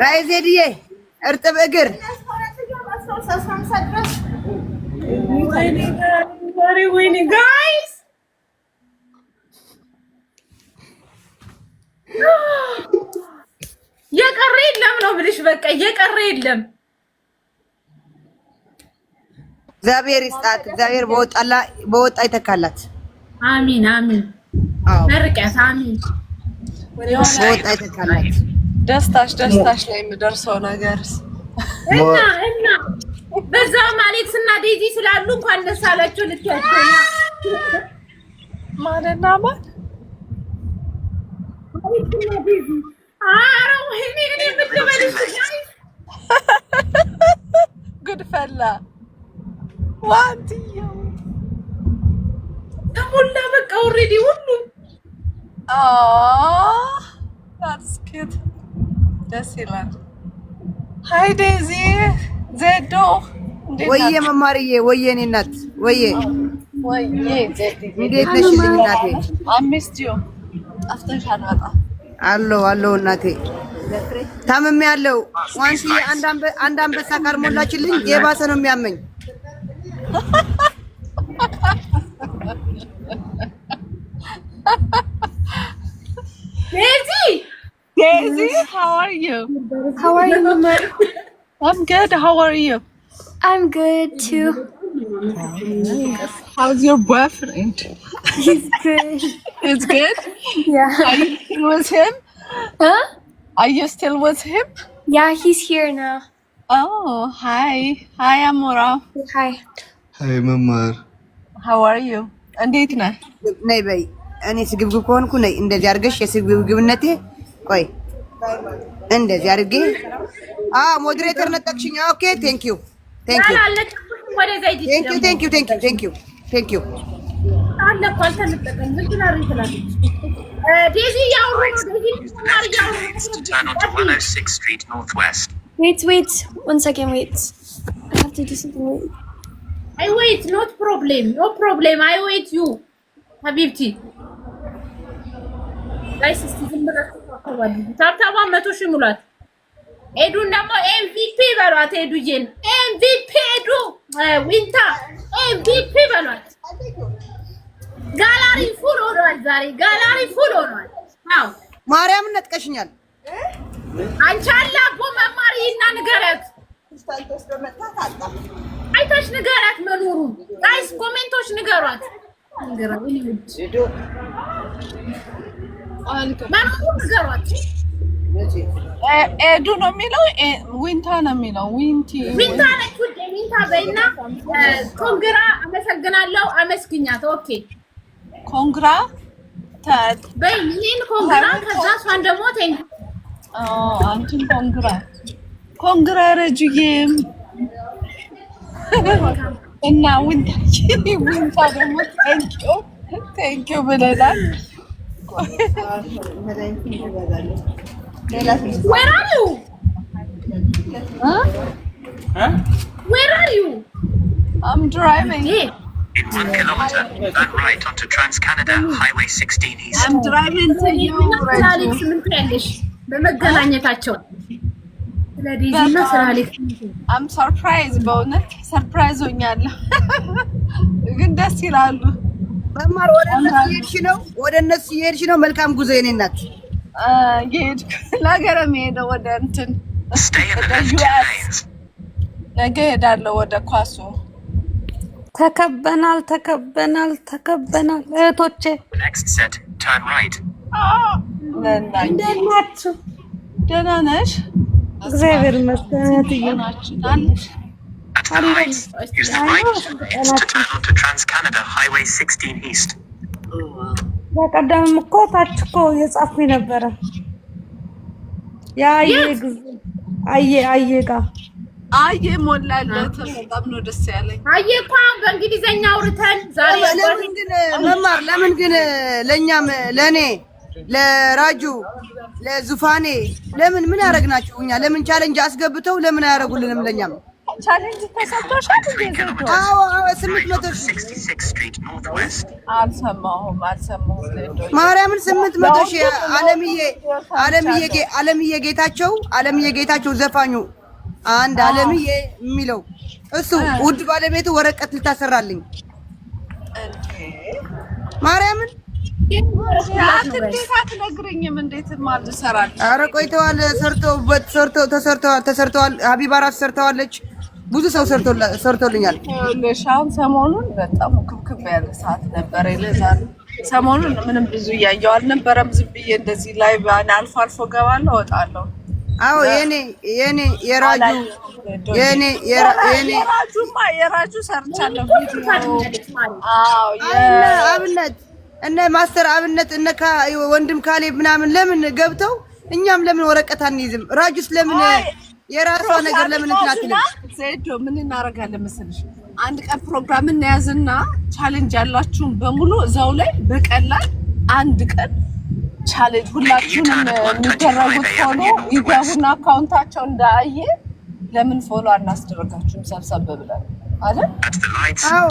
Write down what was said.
ባይ ዜድዬ እርጥብ እግር የቀረ የለም ነው ብልሽ፣ በቃ የቀረ የለም። እግዚአብሔር ይስጣት። እግዚአብሔር በወጣ ይተካላት። አሚን አሚን። መርቂያት አሚን ደስታሽ ደስታሽ ላይ የምደርሰው ነገርስ እና በዛውም አሌክስ እና ዴዚ ስላሉ እንኳን ደስ አላቸው ልትያቸው ማለና ማን ዋንትየው ተሞላ በቃ ኦልሬዲ ሁሉም ኬት ደስ ይላል። ሀይ ዴዚ ዜዶ ወየ መማርዬ ወየ እኔ እናት ወየ ወየ እንዴት ነሽ? እናቴ አምስትዮ ጠፍተሻል። በጣም አለው አለው እናቴ ታምሜ ያለው ዋንሽዬ አንድ አንበሳ ካልሞላችልኝ የባሰ ነው የሚያመኝ። ዴዚ Daisy, how are you? How are you, Mama? I'm good. How are you? I'm good too. How's your boyfriend? He's good. It's good? Are Yeah. you still with him? Huh? Are you still with him? Yeah, he's here now. Oh, hi. Hi, Amora. Hi. Hi, መማር How are you? እንዴት ነህ? ነይ በይ እኔ ስግብግብ ከሆንኩ ነይ እንደዚህ አድርገሽ የስግብግብነቴ ቆይ እንደዚህ አድርጌ አዎ፣ ሞዴሬተር ነጠቅሽኝ። ኦኬ ቴንክ ዩ ቴንክ ዩ ቴንክ ዩ ቴንክ ዩ ቴንክ ዩ Wait, wait. One second, wait. I have to do something. Wait. I wait. Not problem. No problem. I wait you. Habibti. Guys, it's ታብታባ መቶ ሺህ ሙላት። ኤዱን ደግሞ ኤምቪፒ በሏት። ኤዱዬን ኤምቪፒ ኤዱ ዊንታ ኤምቪፒ በሏት። ጋላሪ ፉል ሆኗል። ዛሬ ጋላሪ ፉል ሆኗል። አዎ ማርያምን ነጥቀሽኛል። አንቺ አላቦ መማር ይና ንገረት አይታሽ ንገራት መኖሩ ጋይስ ኮሜንቶች ንገሯት። ኤዱ ነው የሚለው ዊንታ ነው የሚለው ዊንቲ ዊንታ ነች። ውዴ ዊንታ በይና ኮንግራ አመሰግናለሁ፣ አመስግኛት። ኦኬ ኮንግራ በይ ይህን ኮንግራ፣ ከዛ እሷን ደግሞ ተኝ አንቺን ኮንግራ ኮንግራ ረጅዬም እና ዊንታ ደግሞ ቴንኪው ቴንኪው ብለናል። እኮ በመገናኘታቸው ስለዲዚና ስላሌክስ አም ሰርፕራይዝ በእውነት ሰርፕራይዝ ሆኛለሁ፣ ግን ደስ ይላሉ። መማር ወደ እነሱ የሄድሽ ነው፣ ወደ እነሱ የሄድሽ ነው። መልካም ጉዞ የኔ እናት። የሄድኩ ለሀገር የሄደው ወደ እንትን ነገ ሄዳለሁ ወደ ኳሱ። ተከበናል፣ ተከበናል፣ ተከበናል እህቶቼ እንደት ናችሁ? ደህና ነሽ? እግዚአብሔር ይመስገን። to the right. Use በቀደምም እኮ ታች እኮ የጻፍኩኝ ነበረ የአየ ጊዜ ጋ አየ ሞላለት በጣም ነው ደስ ያለኝ። አየ እኮ አሁን በእንግሊዘኛ አውርተን ዛሬ ለምን ግን መማር ለምን ግን ለእኛም ለእኔ ለራጁ ለዙፋኔ ለምን ምን ያደረግናችሁ እኛ ለምን ቻለንጅ አስገብተው ለምን አያደርጉልንም ለእኛም ቻሌንጅ ተሰጥቶሻል። አልሰማሁም አልሰማሁም። ማርያምን ስምንት መቶ ሺህ አለምዬ ጌታቸው አለምዬ ጌታቸው ዘፋኙ አንድ አለምዬ የሚለው እሱ ውድ ባለቤቱ ወረቀት ልታሰራልኝ ማርያምን እንዴት ኧረ ቆይተዋል። ሰርተውበት ሰርተው ተሰርተዋል ተሰርተዋል። ሀቢባ እራሱ ሰርተዋለች። ብዙ ሰው ሰርቶልኛል። አሁን ሰሞኑን በጣም ክብክብ ያለ ሰዓት ነበረ። ይለዛል ሰሞኑን ምንም ብዙ እያየው አልነበረም። ዝም ብዬ እንደዚህ ላይ አልፎ አልፎ ገባለሁ እወጣለሁ። አዎ የኔ የኔ የራጁ የኔ የኔ የራጁማ የራጁ ሰርቻለሁ። አዎ አብነት እነ ማስተር አብነት እነ ወንድም ካሌብ ምናምን ለምን ገብተው እኛም ለምን ወረቀት አንይዝም? ራጁስ ለምን የራሷ ነገር ለምን እንትን አትልም? ዜዶ ምን እናደርጋለን መሰለሽ፣ አንድ ቀን ፕሮግራም እናያዝና ቻሌንጅ ያላችሁን በሙሉ እዛው ላይ በቀላል አንድ ቀን ቻሌንጅ ሁላችሁንም የሚደረጉት ሆኖ ይገቡና አካውንታቸው እንዳየ ለምን ፎሎ አናስደረጋችሁም? ሰብሰብ ብለን አይደል? አዎ